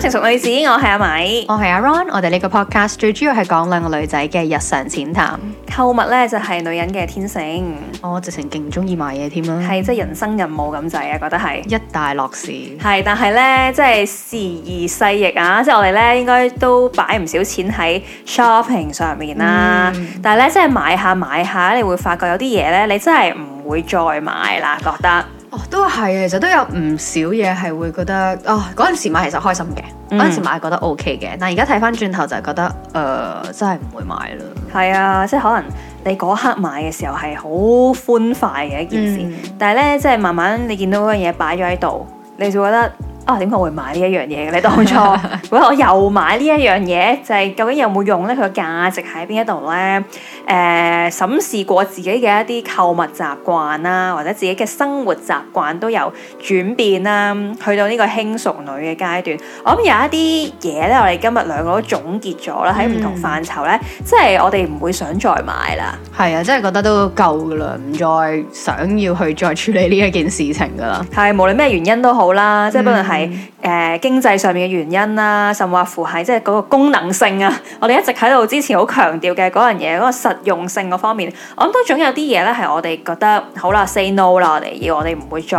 成熟女子，我係阿米，我係阿 Ron，我哋呢個 podcast 最主要係講兩個女仔嘅日常淺談。購物呢，就係、是、女人嘅天性，哦、我直情勁中意買嘢添啦，係即係人生任務咁滯啊，覺得係一大樂事。係，但係呢，即係時移世易啊，即係我哋呢應該都擺唔少錢喺 shopping 上面啦、啊。嗯、但係呢，即係買下買下你會發覺有啲嘢呢，你真係唔會再買啦，覺得。哦，都係，其實都有唔少嘢係會覺得，啊、哦，嗰陣時買其實開心嘅，嗰陣、嗯、時買覺得 O K 嘅，但而家睇翻轉頭就係覺得，誒、呃，真係唔會買啦。係啊，即係可能你嗰刻買嘅時候係好歡快嘅一件事，嗯、但係呢，即係慢慢你見到嗰樣嘢擺咗喺度，你就覺得。啊，點解會買呢一樣嘢嘅？你當初 喂，我又買呢一樣嘢，就係、是、究竟有冇用咧？佢嘅價值喺邊一度咧？誒、呃，審視過自己嘅一啲購物習慣啦、啊，或者自己嘅生活習慣都有轉變啦、啊，去到呢個輕熟女嘅階段，我諗有一啲嘢咧，我哋今日兩個都總結咗啦，喺唔同範疇咧，嗯、即係我哋唔會想再買啦。係啊，真係覺得都夠噶啦，唔再想要去再處理呢一件事情噶啦。係，無論咩原因都好啦，即係不論係、嗯。誒，嗯、經濟上面嘅原因啦，甚或乎係即係嗰個功能性啊，我哋一直喺度之前好強調嘅嗰樣嘢，嗰、嗰個實用性嗰方面，我諗都總有啲嘢咧，係我哋覺得好啦，say no 啦，我哋要我哋唔會再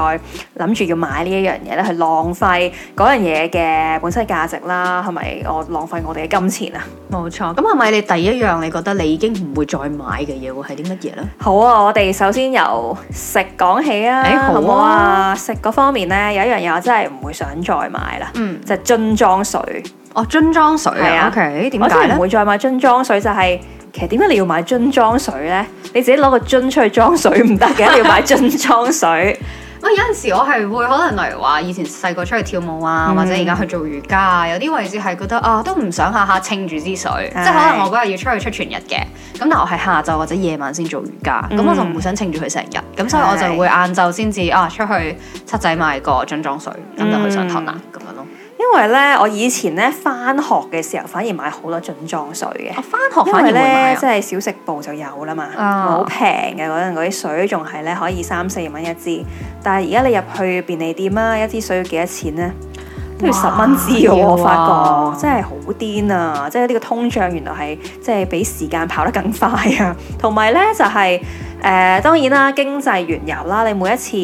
諗住要買呢一樣嘢咧，去浪費嗰樣嘢嘅本身價值啦，係咪我浪費我哋嘅金錢啊？冇錯，咁係咪你第一樣你覺得你已經唔會再買嘅嘢，會係啲乜嘢咧？好啊，我哋首先由食講起啊，好啊？食嗰方面咧，有一樣嘢我真係唔會。想再買啦，嗯，就係樽裝水，哦，樽裝水，係啊，O K，點解咧？我都唔會再買樽裝水，就係、是、其實點解你要買樽裝水咧？你自己攞個樽出去裝水唔得嘅？你要買樽裝水。 喂，有陣時我係會可能例如話以前細個出去跳舞啊，或者而家去做瑜伽，嗯、有啲位置係覺得啊都唔想下下清住支水，是 即係可能我嗰日要出去出全日嘅，咁但我係下晝或者夜晚先做瑜伽，咁、嗯、我就唔會想清住佢成日，咁、嗯、所以我就會晏晝先至啊出去七仔買個樽裝水，咁、嗯、就去上堂喇。因為咧，我以前咧返學嘅時候，反而買好多樽裝水嘅。返、啊、學反而因為呢會買即係小食部就有啦嘛，好平嘅嗰陣，嗰啲水仲係咧可以三四蚊一支。但係而家你入去便利店啦，一支水要幾多錢呢？都要哇十蚊支喎，我發覺哇真係好癲啊！即係呢個通脹原來係即係比時間跑得更快啊。同埋咧就係、是、誒、呃，當然啦，經濟原油啦，你每一次。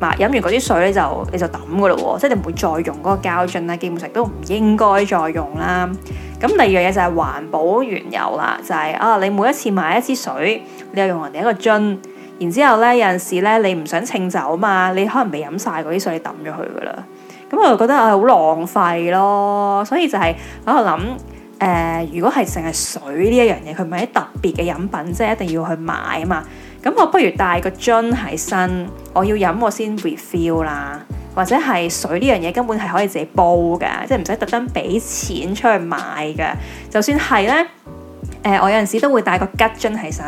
嗱，飲完嗰啲水咧就你就抌嘅咯喎，即係你唔會再用嗰個膠樽啦，基本上亦都唔應該再用啦。咁第二樣嘢就係環保源由啦，就係啊，你每一次買一支水，你又用人哋一個樽，然之後咧有陣時咧你唔想清走啊嘛，你可能未飲晒嗰啲水，你抌咗佢噶啦。咁我就覺得啊好浪費咯，所以就係喺度諗誒，如果係淨係水呢一樣嘢，佢唔係啲特別嘅飲品，即係一定要去買啊嘛。咁我不如帶個樽喺身，我要飲我先 refill 啦，或者係水呢樣嘢根本係可以自己煲嘅，即係唔使特登俾錢出去買嘅。就算係呢、呃，我有陣時都會帶個吉樽喺身，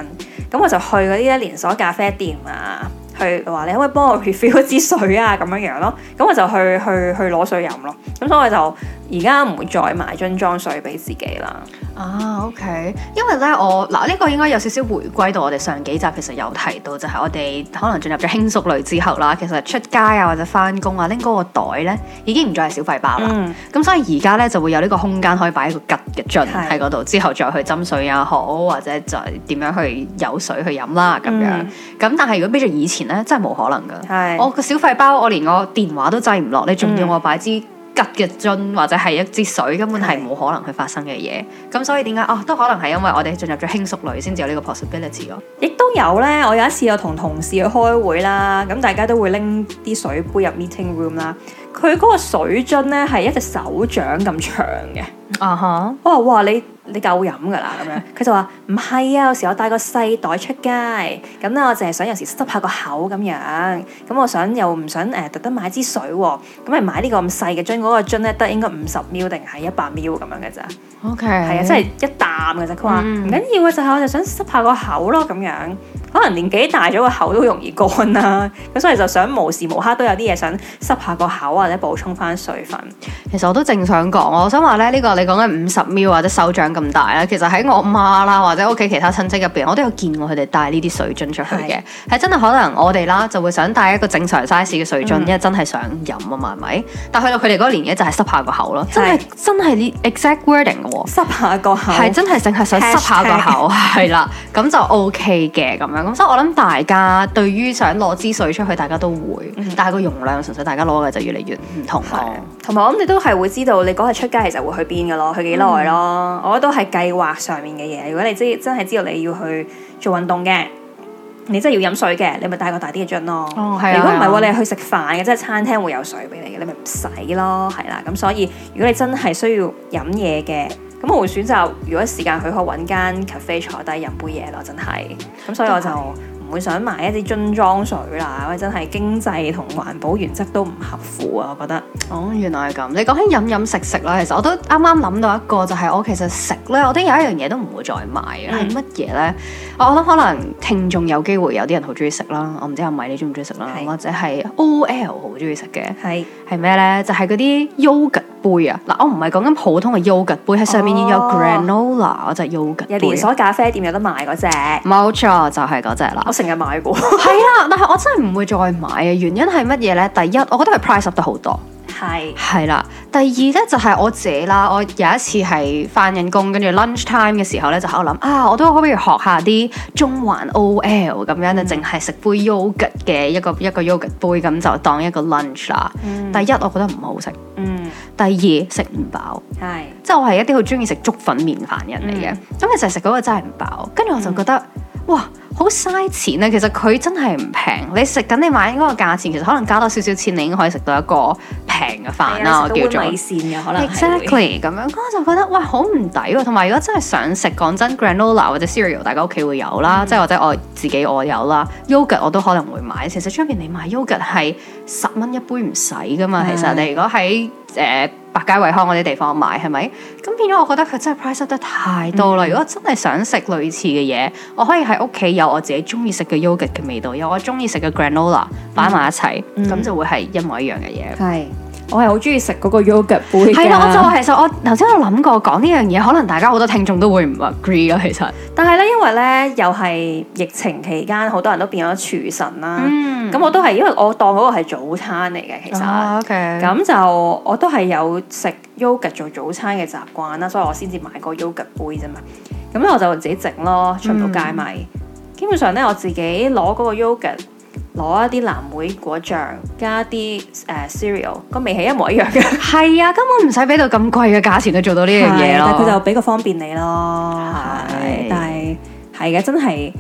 咁我就去嗰啲咧連鎖咖啡店啊，去話你可唔可以幫我 refill 一支水啊咁樣樣咯，咁我就去去去攞水飲咯。咁所以我就而家唔會再買樽裝水俾自己啦。啊、ah，OK，因為咧我嗱呢、這個應該有少少回歸到我哋上幾集其實有提到，就係、是、我哋可能進入咗輕熟類之後啦，其實出街啊或者返工啊拎嗰個袋咧已經唔再係小廢包啦。咁、嗯、所以而家咧就會有呢個空間可以擺一個吉嘅樽喺嗰度，是 之後再去斟水啊好，或者再點樣去有水去飲啦、啊、咁樣。咁、嗯、但係如果比作以前咧，真係冇可能噶。是 我個小廢包我連我電話都擠唔落，你仲要我擺支吉嘅樽或者係一支水根本係冇可能去發生嘅嘢，咁的所以點解哦都可能係因為我哋進入咗輕熟女先至有呢個 possibility 咯，亦都有呢，我有一次又同同事去開會啦，咁大家都會拎啲水杯入 meeting room 啦，佢嗰個水樽呢，係一隻手掌咁長嘅。啊吓？我話、uh huh. 哦、哇，你你夠飲噶啦咁樣，佢 就話唔係啊，有時我帶個細袋出街，咁咧我淨係想有時濕下個口咁樣，咁我想又唔想誒、呃、特登買支水喎，咁你買這個這、那個、呢個咁細嘅樽，嗰個樽咧得應該五十 ml 定係一百 ml 咁樣嘅咋？OK 係啊，即、就、係、是、一啖嘅啫。佢話唔緊要嘅就係、是、我就想濕下個口咯咁樣，可能年紀大咗個口都容易乾啦，咁所以就想無時無刻都有啲嘢想濕下個口或者補充翻水分。其實我都正想講，我想話咧呢、這個。你講緊五十秒或者手掌咁大啦，其實喺我媽啦或者屋企其他親戚入邊，我都有見過佢哋帶呢啲水樽出去嘅，係是真係可能我哋啦就會想帶一個正常 size 嘅水樽，嗯、因為真係想飲啊嘛，係咪？但去到佢哋嗰年紀就係、是、濕下個口咯是，真係真係呢 exact wording 嘅喎，濕下個口係真係淨係想濕下個口，係啦，咁就 O K 嘅咁樣。咁所以我諗大家對於想攞支水出去，大家都會，嗯、但係個容量純粹大家攞嘅就越嚟越唔同啦。的同埋我諗你都係會知道你嗰日出街其實會去邊噶咯，去幾耐咯，我覺得都係計劃上面嘅嘢。如果你知真係知道你要去做運動嘅，你真係要飲水嘅，你咪帶個大啲嘅樽咯。哦，係啊，如果唔係，啊、你去食飯嘅，即係餐廳會有水俾你，你咪唔使咯。係啦，啊，咁所以如果你真係需要飲嘢嘅，咁我會選擇如果時間許可揾間咖啡坐低飲杯嘢咯。真係，咁所以我就。唔會想買一啲樽裝水啦，或者真係經濟同環保原則都唔合乎啊！我覺得，哦，原來係咁。你講起飲飲食食啦，其實我都啱啱諗到一個，就係、是、我其實食咧，我都有一樣嘢都唔會再買，係乜嘢咧？我諗可能聽眾有機會有啲人好中意食啦，我唔知阿米你中唔中意食啦，或者係 O L 好中意食嘅，係係咩咧？就係嗰啲 yogurt 杯啊！嗱，我唔係講緊普通嘅 yogurt 杯，喺上面印有 granola 嗰隻、哦、yogurt 杯。有連鎖咖啡店有得賣嗰隻冇 a 就係嗰隻啦。我成日買過。係啦，但係我真係唔會再買啊！原因係乜嘢咧？第一，我覺得係 price 得好多。係是。係啦，第二咧就係、是、我自己啦。我有一次係翻緊工，跟住 lunch time 嘅時候咧，就喺度諗啊，我都可唔可以學一下啲中環 OL 咁樣咧，淨係食杯 yogurt 嘅一個一個 yogurt 杯咁就當一個 lunch 啦。嗯、第一，我覺得唔好食。嗯第二，食唔飽，係 即係我係一啲好中意食粥粉麵飯人嚟嘅，咁其實食嗰個真係唔飽，跟住我就覺得、嗯、哇好嘥錢啊！其實佢真係唔平，你食緊你買嗰個價錢，其實可能加多少少錢，你已經可以食到一個。平嘅飯啦，的我叫做線可能 Exactly 咁樣，咁我就覺得哇，好唔抵喎！同埋，如果真係想食，講真，granola 或者 cereal，大家屋企會有啦，即係或者我自己我有啦，yogurt 我都可能會買。其實出邊你買 yogurt 係十蚊一杯唔使㗎嘛。的其實你如果喺誒百佳惠康嗰啲地方買，係咪？咁變咗，我覺得佢真係 price 得太多啦。嗯、如果真係想食類似嘅嘢，我可以喺屋企有我自己中意食嘅 yogurt 嘅味道，有我中意食嘅 granola 擺埋一齊，咁、嗯、就會係一模一樣嘅嘢。係。我係好中意食嗰個 yogurt 杯嘅。係啦，我就其實我頭先我諗過講呢樣嘢，可能大家好多聽眾都會唔 agree 啦。其實，但係咧，因為咧又係疫情期間，好多人都變咗廚神啦。嗯，咁我都係因為我當嗰個係早餐嚟嘅，其實。O K、啊。咁、okay. 就我都係有食 yogurt 做早餐嘅習慣啦，所以我先至買個 yogurt 杯啫嘛。咁咧我就自己整咯，全部都戒埋。基本上咧，我自己攞嗰個 yogurt。攞一啲藍莓果醬，加啲誒、呃、cereal，個味係一模一樣嘅。係啊，根本唔使俾到咁貴嘅價錢，去做到呢樣嘢咯。但佢就比較方便你咯。係的，但係係嘅，真係。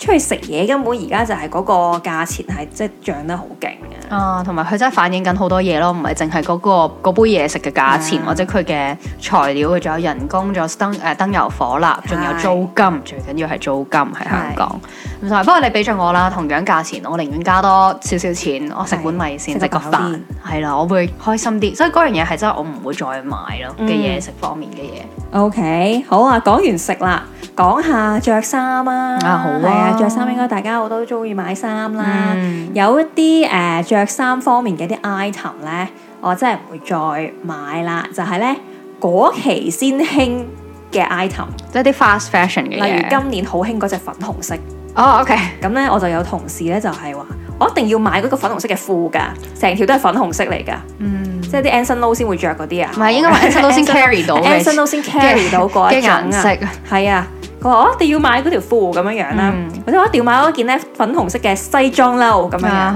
出去食嘢根本而家就係嗰個價錢，係即係漲得好勁嘅。啊，同埋佢真係反映緊好多嘢咯，唔係淨係嗰個杯嘢食嘅價錢，的或者佢嘅材料，佢仲有人工，仲有燈誒燈油火蠟，仲有租金，的最緊要係租金喺香港。唔錯的，不過你俾咗我啦，同樣價錢我寧願加多少少錢，我食碗的米線食個飯，係啦，我會開心啲。所以嗰樣嘢係真係我唔會再買咯嘅，嘢食方面嘅嘢。OK，好啊，講完食啦。講下着衫啦，啊好啊，着衫，啊、應該大家好多都中意買衫啦，嗯、有一啲誒着衫方面嘅啲 item 咧，我真係唔會再買啦，就係咧嗰期先興嘅 item，即係啲 fast fashion 嘅，例如今年好興嗰隻粉紅色，哦、oh, OK，咁咧我就有同事咧就係、是、話，我一定要買嗰個粉紅色嘅褲噶，成條都係粉紅色嚟噶，嗯。即係啲 Anson Lo 先會着嗰啲啊，唔係應該話 Anson Lo 先 carry 到 Anson Lo 先 carry 到嗰啲顏色啊，係、哦、啊，佢話我一定要買嗰條褲咁樣樣啦，嗯、或者我一定要買嗰件咧粉紅色嘅西裝褸咁樣咁、啊、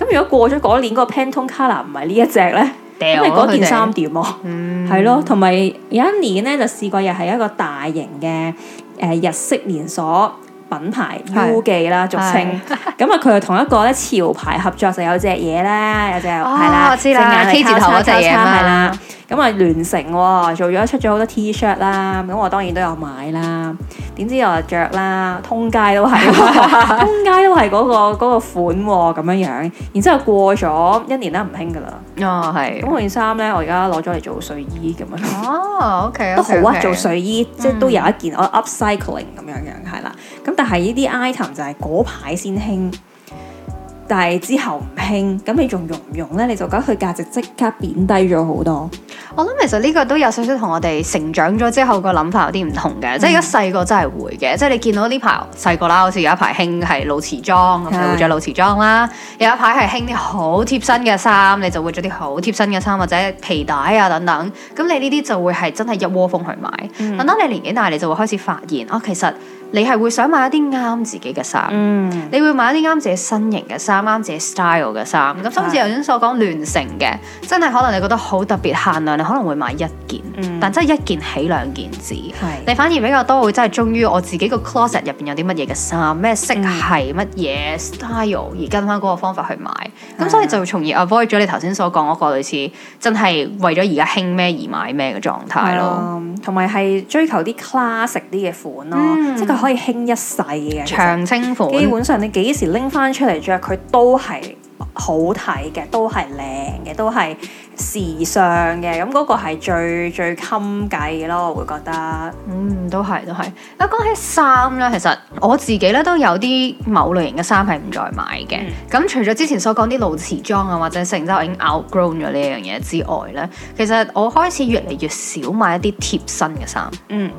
哈如果過咗嗰年嗰、那個 Pantone color 唔係呢一隻咧，因為件衫掉咗佢哋，係咯，同埋有，有一年咧就試過又係一個大型嘅誒、呃、日式連鎖。品牌 U 記啦，俗稱，咁啊，佢又同一個咧潮牌合作，就有隻嘢啦，有隻，係啦，正眼 K 字頭，嗰隻嘢啦。咁啊聯成喎，做咗出咗好多 T-shirt 啦，咁我當然都有買啦。點知我又著啦，通街都係嗰個， 通街都係嗰、嗰個嗰個款喎，咁樣樣。然之後過咗一年啦，唔興㗎啦。啊，係。咁我件衫咧，我而家攞咗嚟做睡衣咁樣。哦，OK，, okay, okay. 都好啊，做睡衣、嗯、即係都有一件我 upcycling 咁樣樣係啦。咁但係呢啲 item 就係嗰排先興。但係之後唔興，咁你仲用唔用咧？你就覺得佢價值即刻貶低咗好多。我諗其實呢個都有少少同我哋成長咗之後個諗法有啲唔同嘅、嗯，即係而家細個真係會嘅，即係你見到呢排細個啦，好似有一排興係露臍裝咁，的你會著露臍裝啦，有一排係興啲好貼身嘅衫，你就會着啲好貼身嘅衫或者皮帶啊等等。咁你呢啲就會係真係一窩蜂去買。咁當、嗯、你年紀大，你就會開始發現哦，其實。你係會想買一啲啱自己嘅衫，嗯、你會買一啲啱自己身形嘅衫，啱自己 style 嘅衫。咁、嗯，甚至頭先所講，聯名嘅真係可能你覺得好特別、限量，你可能會買一件，嗯、但真係一件起兩件止。嗯、你反而比較多會真係忠於我自己個 closet 入邊有啲乜嘢嘅衫，咩色系乜嘢、嗯、style 而跟翻嗰個方法去買。咁、嗯、所以就從而 avoid 咗你頭先所講嗰個類似真係為咗而家興咩而買咩嘅狀態咯。同埋係追求啲 classic 啲嘅款咯，嗯嗯可以輕一世嘅長青款，基本上你幾時拎翻出嚟着，佢都係好睇嘅，都係靚嘅，都係。時尚嘅咁嗰個係最最襟計咯，我會覺得，嗯，都係都係。一講起衫咧，其實我自己咧都有啲某類型嘅衫係唔再買嘅。咁、嗯、除咗之前所講啲露臍裝啊，或者成周已經 outgrown 咗呢樣嘢之外咧，其實我開始越嚟越少買一啲貼身嘅衫。嗯，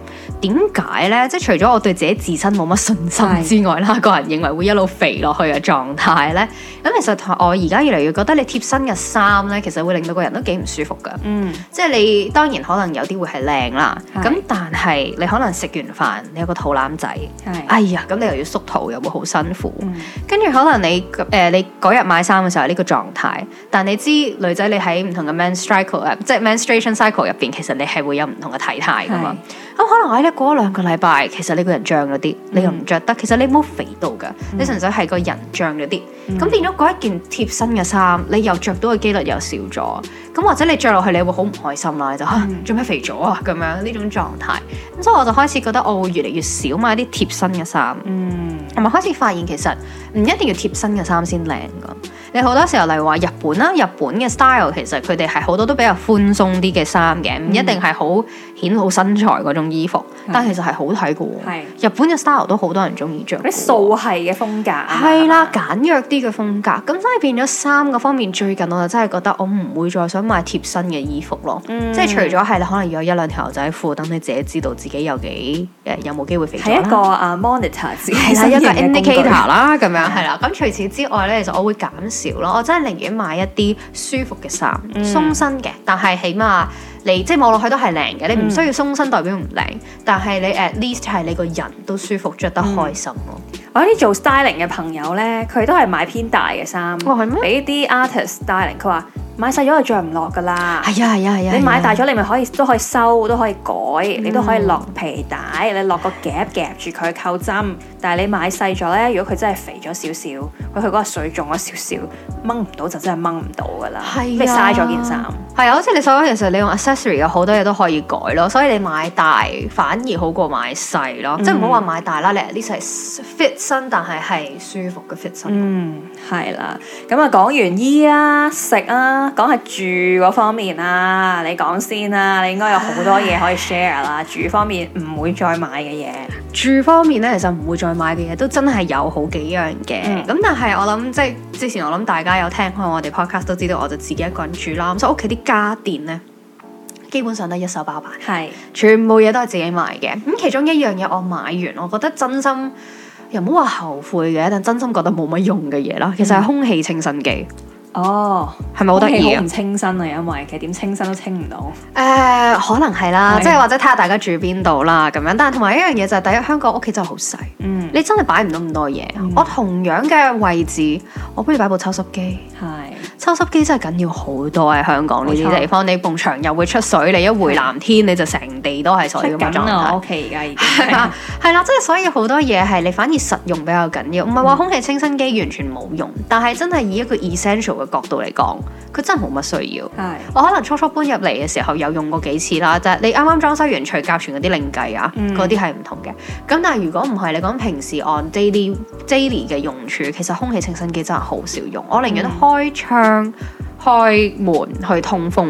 點解咧？即係除咗我對自己自身冇乜信心之外啦，是個人認為會一路肥落去嘅狀態咧。咁其實我而家越嚟越覺得你貼身嘅衫咧，其實會令到個人，都幾唔舒服噶、嗯，即係你當然可能有啲會係靚啦，咁是的 但係你可能食完飯，你有個肚腩仔，是的 哎呀咁你又要縮肚又會好辛苦，跟住、嗯、可能你誒、呃、你嗰日買衫嘅時候呢個狀態，但你知女仔你喺唔同嘅 men's cycle，即、呃、係、就是、menstruation cycle 入邊，其實你係會有唔同嘅體態噶嘛。是的 咁可能喺咧過咗兩個禮拜，其實你個人漲咗啲，嗯、你又唔着得，其實你冇肥到噶，嗯、你純粹係個人漲咗啲，咁、嗯、變咗嗰一件貼身嘅衫，你又着到嘅幾率又少咗，咁或者你着落去你會好唔開心啦，你就話做咩肥咗啊咁樣呢種狀態，咁所以我就開始覺得我會越嚟越少買啲貼身嘅衫。嗯同埋開始發現其實唔一定要貼身嘅衫先靚噶，你好多時候例如話日本啦，日本嘅 style 其實佢哋係好多都比較寬鬆啲嘅衫嘅，唔、嗯、一定係好顯好身材嗰種衣服，嗯、但係其實係好睇嘅是日本嘅 style 都好多人中意着，啲素係嘅風格係啦，簡約啲嘅風格，咁所以變咗三個方面。最近我就真係覺得我唔會再想買貼身嘅衣服咯，嗯、即係除咗係啦，可能要一兩條仔褲，等你自己知道自己有幾有冇機會肥咗係一個 monitor。係啦。 個 indicator 啦，咁樣係啦。咁 除此之外咧，其實我會減少咯。我真係寧願買一啲舒服嘅衫，嗯、鬆身嘅。但係起碼你即係望落去都係靚嘅。你唔需要鬆身代表唔靚，嗯、但係你 at least 係你個人都舒服，着得開心咯。嗯、我啲做 styling 嘅朋友咧，佢都係買偏大嘅衫。哇、哦，係咩？俾啲 artist styling，佢話買細咗就着唔落噶啦。係啊、哎，係、哎、啊，係啊。你買大咗，哎、呀你咪可以都可以收，都可以改，嗯、你都可以落皮帶，你落個夾夾住佢扣針。但係你買細咗咧，如果佢真係肥咗少少，佢嗰個水腫咗少少，掹唔到就真係掹唔到㗎喇，咩嘥咗件衫？係啊，好似、啊、你所講，其實你用 accessory 嘅好多嘢都可以改咯，所以你買大反而好過買細咯，嗯、即係唔好話買大啦，你呢套 fit 身但係係舒服嘅 fit 身。是是 fit 身嗯，係啦、啊，咁啊講完衣啊食啊，講下住嗰方面啊，你講先啦、啊，你應該有好多嘢可以 share 啦， 住方面唔會再買嘅嘢。住方面咧，其實唔會再買嘅嘢都真係有好幾樣嘅。咁、嗯、但係我諗即係之前我諗大家有聽開我哋 podcast 都知道，我就自己一個人住啦，咁所以屋企啲家電咧，基本上都一手包辦，係是全部嘢都係自己買嘅。咁其中一樣嘢我買完，我覺得真心又唔好話後悔嘅，但真心覺得冇乜用嘅嘢啦。其實係空氣清新機。嗯哦，係咪好得意啊？唔清新啊，因為其實點清新都清唔到。誒，可能係啦，即係或者睇下大家住邊度啦，咁樣。但係同埋一樣嘢就係，第一香港屋企真係好細，嗯，你真係擺唔到咁多嘢。我同樣嘅位置，我不如擺部抽濕機。係，抽濕機真係緊要好多喺香港呢啲地方，你埲牆又會出水，你一回南天你就成地都係水咁狀態。O K，而家已經係啦，係啦，即係所以好多嘢係你反而實用比較緊要，唔係話空氣清新機完全冇用，但係真係以一個 essential。角度嚟講，佢真係冇乜需要。是我可能初初搬入嚟嘅時候有用過幾次啦，就係你啱啱裝修完除甲醛嗰啲另計啊，嗰啲係唔同嘅。咁但係如果唔係你講平時 on daily daily 嘅用處，其實空氣清新機真係好少用。我寧願開窗。嗯開門去通風，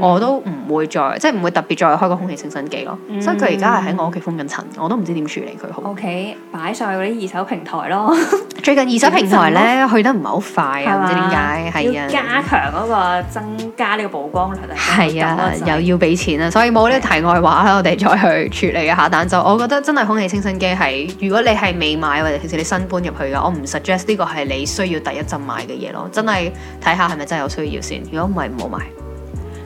我都唔會再即係唔會特別再開個空氣清新機咯。所以佢而家係喺我屋企封緊塵，我都唔知點處理佢好。OK，擺上嗰啲二手平台咯。最近二手平台咧去得唔係好快啊，唔知點解係啊。加強嗰個增加呢個曝光率係啊，又要俾錢啊，所以冇呢個題外話啦，我哋再去處理一下。但就我覺得真係空氣清新機係，如果你係未買或者其實你新搬入去㗎，我唔 suggest 呢個係你需要第一陣買嘅嘢咯。真係睇下係咪真係有需要。如果唔係唔好買。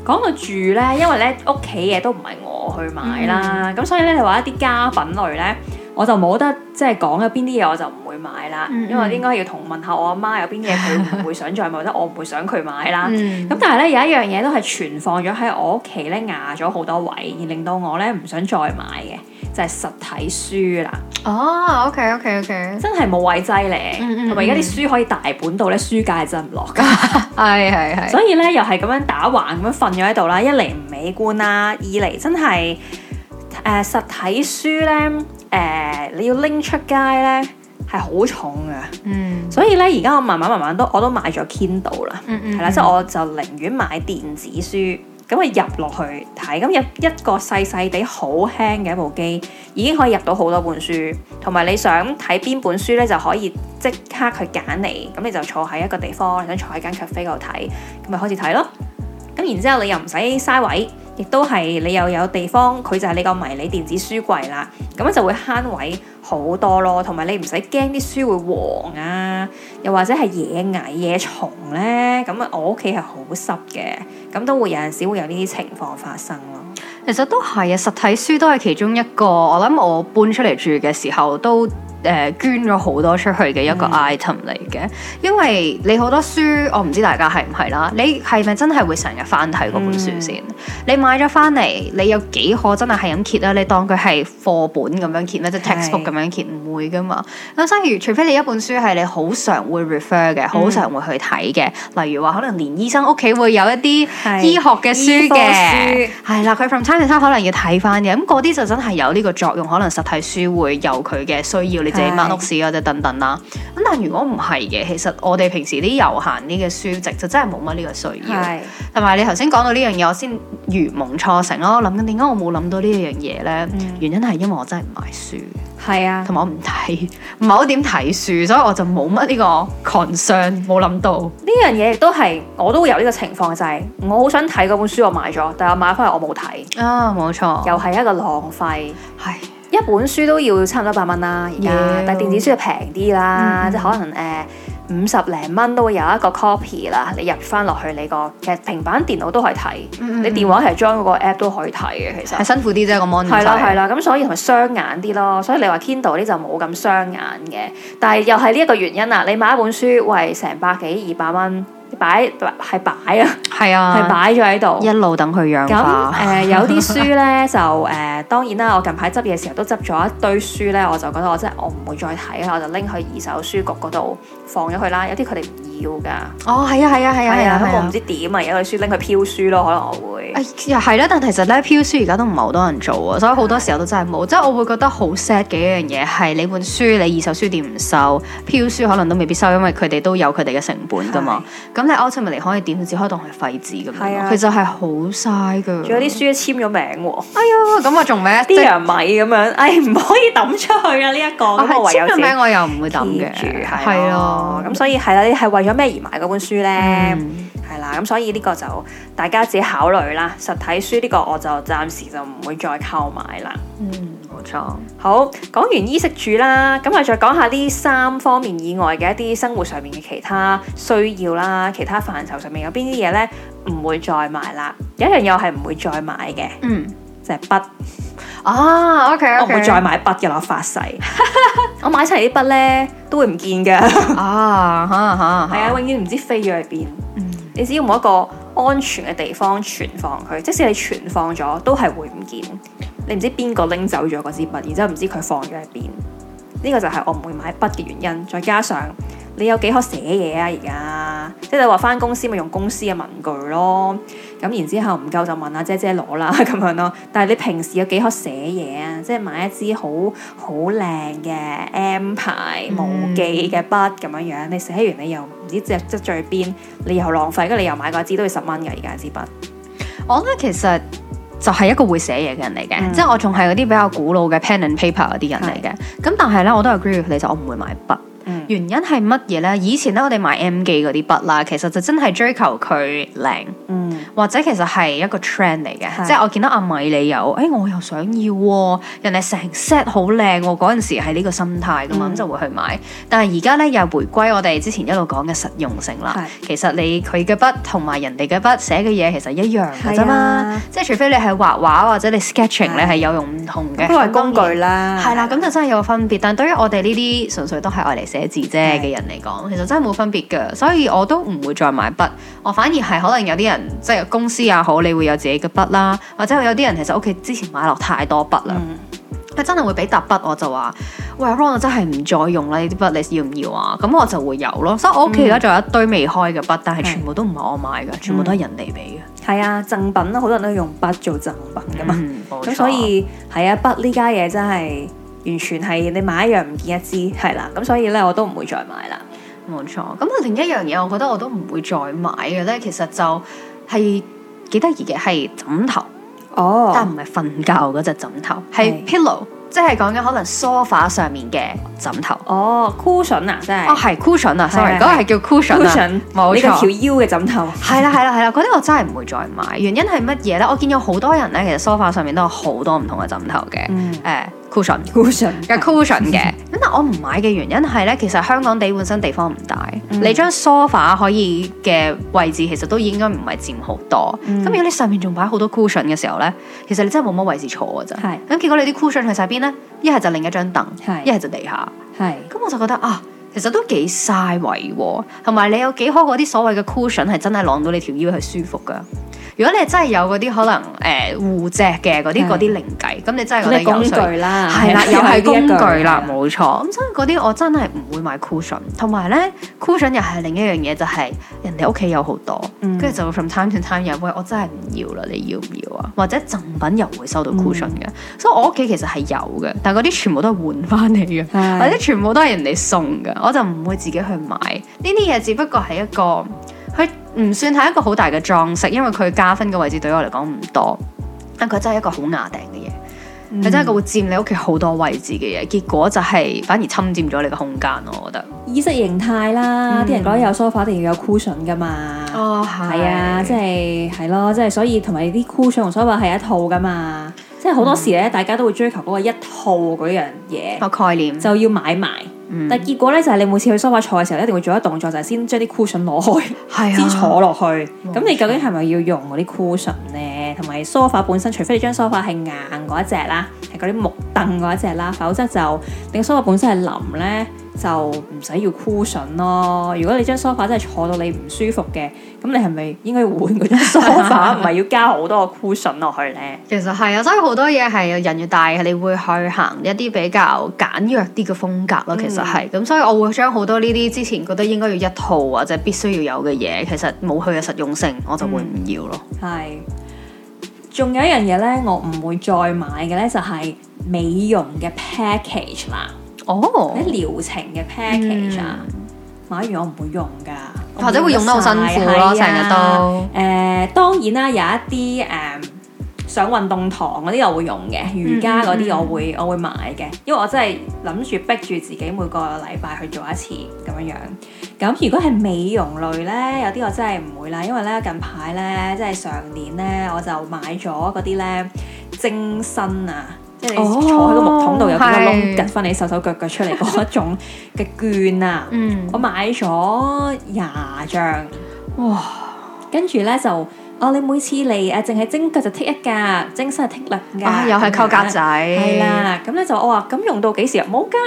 講到住咧，因為咧屋企嘢都唔係我去買啦，咁、嗯、所以咧你話一啲家品類咧，我就冇得即係講有邊啲嘢我就唔會買啦，嗯、因為應該要同問下我阿媽有邊啲嘢佢唔會想再買，或者 我唔會想佢買啦。咁、嗯、但係咧有一樣嘢都係存放咗喺我屋企咧壓咗好多位，而令到我咧唔想再買嘅。就係實體書啦，哦，OK OK OK，真係冇位擠咧，同埋、mm hmm. 而家啲書可以大本到，咧，書架係真唔落，係係係，所以咧又係咁樣打橫咁樣瞓咗喺度啦，一嚟唔美觀啊。二嚟真係誒、呃、實體書咧誒、呃、你要拎出街咧係好重嘅，嗯、mm，hmm. 所以咧而家我慢慢慢慢都我都買咗 Kindle、mm hmm. 啦，嗯，係啦，即係我就寧願買電子書。咁啊入落去睇，咁入一個細細地好輕嘅一部機，已經可以入到好多本書，同埋你想睇邊本書呢，就可以即刻去揀嚟。咁你就坐喺一個地方，你想坐喺間 cafe 度睇，咁咪開始睇咯。咁然之後你又唔使嘥位。亦都係你又有地方，佢就係你個迷你電子書櫃啦。咁就會慳位好多咯，同埋你唔使驚啲書會黃啊，又或者係野蟻、嘢蟲呢。咁啊，我屋企係好濕嘅，咁都會有陣時會有呢啲情況發生咯。其實都係啊，實體書都係其中一個。我諗我搬出嚟住嘅時候都捐咗好多出去嘅一個 item 嚟嘅，嗯、因為你好多書，我唔知大家係唔係啦。你係咪真係會成日翻睇嗰本書先？嗯、你買咗翻嚟，你有幾可真係係咁揭啦？你當佢係課本咁樣揭，咧是，即係 textbook 咁樣揭，唔會噶嘛。咁所以，除非你一本書係你好常會 refer 嘅，好、嗯、常會去睇嘅，例如話可能連醫生屋企會有一啲是醫學嘅書嘅，係啦，佢 from time to time，可能要睇翻嘅，咁嗰啲就真係有呢個作用，可能實體書會有佢嘅需要即係辦公室啊，即係等等啦。咁但係如果唔係嘅，其實我哋平時啲休閒啲嘅書籍，就真係冇乜呢個需要。係，同埋你頭先講到呢樣嘢，我先如夢初醒咯。我諗緊點解我冇諗到呢樣嘢咧？嗯、原因係因為我真係唔買書，係啊，同埋我唔睇，唔係好點睇書，所以我就冇乜呢個 concern，冇諗到呢樣嘢。亦都係我都會有呢個情況，就係、是、我好想睇嗰本書，我買咗，但係我買翻嚟我冇睇啊，冇錯，又係一個浪費，係。一本書都要差唔多百蚊啦，而家，Yeah. 但係電子書就平啲啦，mm hmm. 即係可能誒五十零蚊都會有一個 copy 啦，你入翻落去你個其實平板電腦都可以睇，mm hmm. 你電話係裝嗰個 app 都可以睇嘅，其實。係辛苦啲啫，個 mon 係啦係啦，咁所以同埋雙眼啲咯，所以你話 Kindle 呢就冇咁雙眼嘅，但係又係呢一個原因啦！你買一本書，喂，成百幾二百蚊。擺係擺啊，係啊，係擺咗喺度， 一路等佢養。咁、呃、有啲書呢，就誒、呃，當然啦，我近排執嘢嘅時候都執咗一堆書呢，我就覺得我真係我唔會再睇啦，我就拎去二手書局嗰度放咗佢啦。有啲佢哋唔要噶。哦，係啊，係啊，係啊，係啊，哎、我唔知點啊，有啲書拎去飄書咯，可能我會。係啦、哎，但其實呢，飄書而家都唔係好多人做啊，所以好多時候都真係冇。的即係我會覺得好 sad 嘅一樣嘢係你本書你二手書店唔收，飄書可能都未必收，因為佢哋都有佢哋嘅成本噶嘛。咁的係 ultimately，可以點？只可以當佢廢紙咁樣，其實係好嘥噶。仲有啲書簽咗名喎、啊。哎呀，咁啊仲咩？啲人米咁樣， 哎唔可以抌出去啊！呢、這、一個咁、啊、我唯有簽名我又唔會抌嘅，係咯了。咁、啊、所以係啦，你係為咗咩而買嗰本書咧？係啦、嗯，咁所以呢個就大家自己考慮啦。實體書呢個我就暫時就唔會再購買啦。嗯。好講完衣食住啦，咁啊再講下呢三方面以外嘅一啲生活上面嘅其他需要啦，其他範疇上面有邊啲嘢呢？唔會再買啦。有一樣嘢我係唔會再買嘅，嗯，就係筆啊。OK, okay. 我唔會再買筆嘅，我發誓。 我買出嚟啲筆呢，都會唔見噶、 啊。啊，吓吓，係啊，對啊永遠唔知飛咗去邊。嗯、你只要冇一個安全嘅地方存放佢，即使你存放咗，都係會唔見。你唔知邊個拎走咗嗰支筆，然之後唔知佢放咗喺邊，呢、這個就係我唔會買筆嘅原因。再加上你有幾可寫嘢啊？而家即係你話返公司咪用公司嘅文具咯。咁然之後唔夠就問阿姐姐攞啦咁樣咯。但係你平時有幾可寫嘢啊？即係買一支好好靚嘅 M 牌無記嘅筆咁樣樣，你寫完你又唔知隻執在邊，你又浪費，跟住你又買過一支都要十蚊嘅而家支筆。我覺得其實。就係一個會寫嘢嘅人嚟嘅，嗯、即係我仲係嗰啲比較古老嘅 pen and paper 嗰啲人嚟嘅，咁是的 但係呢，我都係 agree with 你，就我唔會買筆。原因係乜嘢呢？以前咧，我哋買 M 記嗰啲筆啦，其實就真係追求佢靚，嗯、或者其實係一個 trend 嚟嘅。是 即係我見到阿米你有，哎，我又想要、哦，人哋成 set 好靚喎，嗰陣時係呢個心態噶嘛，咁、嗯、就會去買。但係而家呢，又回歸我哋之前一路講嘅實用性啦。是 其實你佢嘅筆同埋人哋嘅筆寫嘅嘢其實一樣㗎啫嘛。是啊、即係除非你係畫畫或者你 sketching，你係是、啊、有用唔同嘅是、啊、工具啦。係啦，咁就真係有分別。但對於我哋呢啲純粹都係愛嚟寫字啫嘅人嚟講，其實真係冇分別噶，所以我都唔會再買筆。我反而係可能有啲人即係公司也好，你會有自己嘅筆啦，或者有啲人其實屋企之前買落太多筆啦，嗯，佢真係會俾沓筆我，就話，喂 Ron，我真係唔再用啦，呢啲筆你要唔要啊？咁我就會有咯。所以我屋企而家仲有一堆未開嘅筆，嗯，但係全部都唔係我買嘅，全部都係人哋俾嘅。係啊，贈品啦，好多人都用筆做贈品噶嘛。咁、嗯、所以係啊，筆呢家嘢真係。完全係你買一樣唔見一支，係啦，咁所以呢，我都唔會再買啦。冇錯，咁啊另一樣嘢，我覺得我都唔會再買嘅呢，其實就係幾得意嘅，係枕頭哦，但唔係瞓覺嗰隻枕頭，係 pillow，即係講緊可能梳化上面嘅枕頭哦，cushion 啊，真係哦，係 cushion 啊，sorry，嗰個係叫 cushion 啊，冇錯，你個條腰嘅枕頭，係啦係啦係啦，嗰啲我真係唔會再買，原因係乜嘢呢？我見有好多人呢，其實梳化上面都有好多唔同嘅枕頭嘅，誒。cushion cushion 嘅 cushion 嘅，咁但我唔買嘅原因係咧，其實香港地本身地方唔大，嗯、你張 sofa 可以嘅位置其實都應該唔係佔好多，咁、嗯、如果你上面仲擺好多 cushion 嘅時候咧，其實你真係冇乜位置坐嘅啫。係咁是，結果你啲 cushion 去晒邊咧？一係就另一張凳，係一係就地下，係咁是我就覺得啊，其實都幾嘥位，同埋你有幾好嗰啲所謂嘅 cushion 係真係晾到你條腰係舒服嘅。如果你真係有嗰啲可能誒護脊嘅嗰啲嗰啲零計，咁你真係嗰啲工具啦，係啦的，又係 工具啦，冇 錯。咁所以嗰啲我真係唔會買 cushion。同埋咧 ，cushion 又係另一樣嘢，就係、是、人哋屋企有好多，跟住、嗯、就 from time to time 又喂我真係唔要啦，你要唔要啊？或者贈品又會收到 cushion 嘅，嗯、所以我屋企其實係有嘅，但係嗰啲全部都係換翻嚟嘅，的或者全部都係人哋送嘅，我就唔會自己去買。呢啲嘢只不過係一個。唔算係一個好大嘅裝飾，因為佢加分嘅位置對我嚟講唔多，但佢真係一個好牙頂嘅嘢，佢、嗯、真係會佔你屋企好多位置嘅嘢，結果就係反而侵佔咗你嘅空間我覺得。意識形態啦，啲、嗯、人講有 sofa 定要有,有 cushion 噶嘛，哦係啊，即係係咯，即係所以同埋啲 cushion 同 sofa 係一套噶嘛，即係好多時咧，嗯、大家都會追求嗰個一套嗰樣嘢個概念，就要買埋。嗯、但係結果咧，就係、是、你每次去梳化坐嘅時候，一定會做一動作，就係先將啲 cushion 攞開，先坐落去。咁你究竟係咪要用嗰啲 cushion 咧？同埋梳化本身，除非你張梳化係硬嗰一隻啦，係嗰啲木凳嗰一隻啦，否則就你個梳化本身係腍咧。就唔使要 cushion 咯。如果你張梳化真係坐到你唔舒服嘅，咁你係咪應該換嗰張梳化，唔係 要加好多個 cushion 落去呢？其實係啊，所以好多嘢係人越大，你會去行一啲比較簡約啲嘅風格咯。嗯、其實係咁，所以我會將好多呢啲之前覺得應該要一套或者必須要有嘅嘢，其實冇佢嘅實用性，我就會唔要咯。係、嗯，仲有一樣嘢呢，我唔會再買嘅呢，就係、是、美容嘅 package 啦。哦，啲療程嘅 package 啊，嗯、買完我唔會用噶，或者會用，會用得好辛苦咯，成日、啊、都。誒、呃，當然啦、啊，有一啲誒、嗯、上運動堂嗰啲又會用嘅，嗯、瑜伽嗰啲我會、嗯、我會買嘅，因為我真係諗住逼住自己每個禮拜去做一次咁樣樣。咁如果係美容類呢，有啲我真係唔會啦，因為呢近排呢，即係上年呢，我就買咗嗰啲呢，精身啊。即你坐喺個木桶度，有幾個窿，夾翻你手手腳腳出嚟嗰一種嘅券啊！ 我買咗廿張，哇！跟住咧就，哦你每次嚟誒，淨係蒸腳就剔一架，蒸身剔兩架，又係扣格仔，係啦、嗯。咁咧就我話，咁用到幾時啊？冇噶。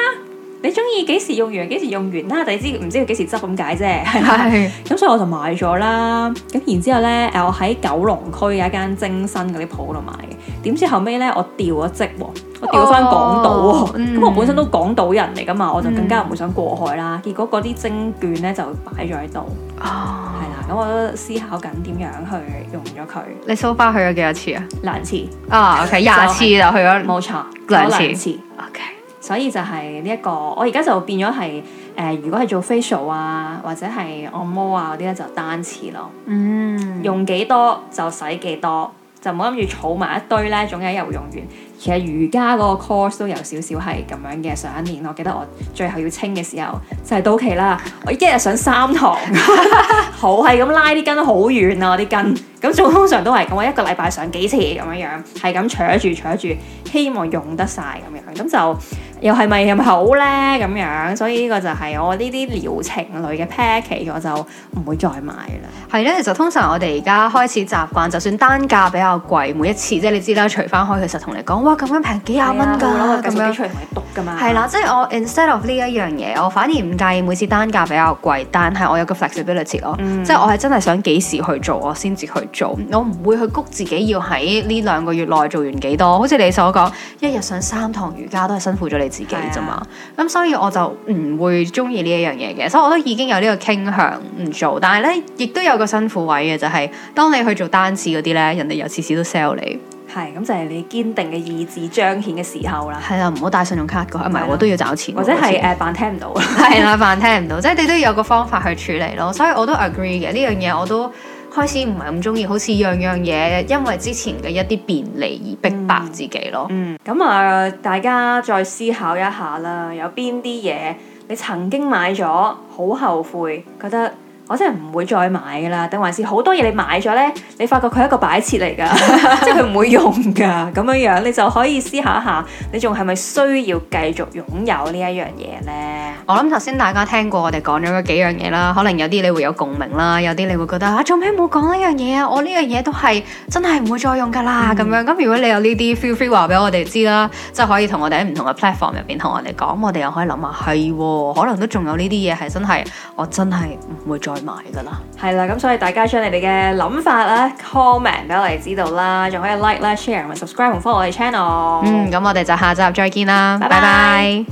你中意幾時用完幾時用完啦？但係知唔知要幾時執咁解啫？係咁的 所以我就買咗啦。咁然之後咧，誒我喺九龍區有一間精新嗰啲鋪度買嘅。點知後尾咧我調咗職，我調翻港島喎。咁、哦嗯、我本身都港島人嚟噶嘛，我就更加唔會想過海啦。嗯、結果嗰啲精券咧就擺咗喺度。哦，係啦。咁我都思考緊點樣去用咗佢。你收翻去咗幾多次啊？兩次啊，OK，廿次就去咗冇錯兩次。Oh, OK 次。所以就係呢一個，我而家就變咗係誒，如果係做 facial 啊，或者係按摩啊嗰啲咧，就單次咯。嗯，用幾多就使幾多，就唔好諗住儲埋一堆咧，總有一日會用完。其實瑜伽嗰個 course 都有少少係咁樣嘅。上一年我記得我最後要清嘅時候就係、是、到期啦，我一日上三堂， 好係咁、就是、拉啲筋好遠啊，我啲筋。咁做通常都係咁，我一個禮拜上幾次咁樣樣，係咁扯住扯住，希望用得晒，咁樣，咁就又係咪又咪好咧咁樣？所以呢個就係我呢啲療程類嘅 package 我就唔會再買啦。係咧，其實通常我哋而家開始習慣，就算單價比較貴，每一次即係你知啦，除翻開其實同你講，哇咁樣平幾廿蚊㗎，咁樣幾出嚟讀㗎嘛。係啦，即係我 instead of 呢一樣嘢，我反而唔介意每次單價比較貴，但係我有個 flexibility 咯、嗯，即係我係真係想幾時去做，我先至去。做我唔會去谷自己要喺呢兩個月內做完幾多，好似你所講，一日上三堂瑜伽都係辛苦咗你自己咋嘛？咁是的 所以我就唔會中意呢一樣嘢嘅，所以我都已經有呢個傾向唔做。但係呢，亦都有個辛苦位嘅，就係、是、當你去做單次嗰啲呢，人哋又次次都 sell 你，係咁就係、是、你堅定嘅意志彰顯嘅時候啦。係啊，唔好帶信用卡過去，唔係的、啊、我都要找錢，或者係誒扮聽唔到， 係啦，扮聽唔到，即係你都要有個方法去處理咯。所以我都 agree 嘅呢 樣嘢，我都。開始唔係咁中意，好似樣樣嘢，因為之前嘅一啲便利而逼迫自己咯。嗯，咁、嗯、啊、呃，大家再思考一下啦，有邊啲嘢你曾經買咗好後悔，覺得，我真係唔會再買噶啦，定還是好多嘢你買咗呢，你發覺佢係一個擺設嚟噶， 即係佢唔會用噶咁樣樣，你就可以思考下，你仲係咪需要繼續擁有呢一樣嘢呢？我諗頭先大家聽過我哋講咗嗰幾樣嘢啦，可能有啲你會有共鳴啦，有啲你會覺得啊，做咩冇講呢樣嘢啊？我呢樣嘢都係真係唔會再用噶啦咁樣。咁如果你有呢啲 feel free 話俾我哋知啦，即係可以同我哋喺唔同嘅 platform 入邊同我哋講，我哋又可以諗下，係可能都仲有呢啲嘢係真係我真係唔會再去買㗎啦，係啦，咁所以大家將你哋嘅諗法啦，comment 俾我哋知道啦，仲可以 like 啦、share 同埋 subscribe 同 follow 我哋 channel。嗯，咁我哋就下集再見啦，拜拜。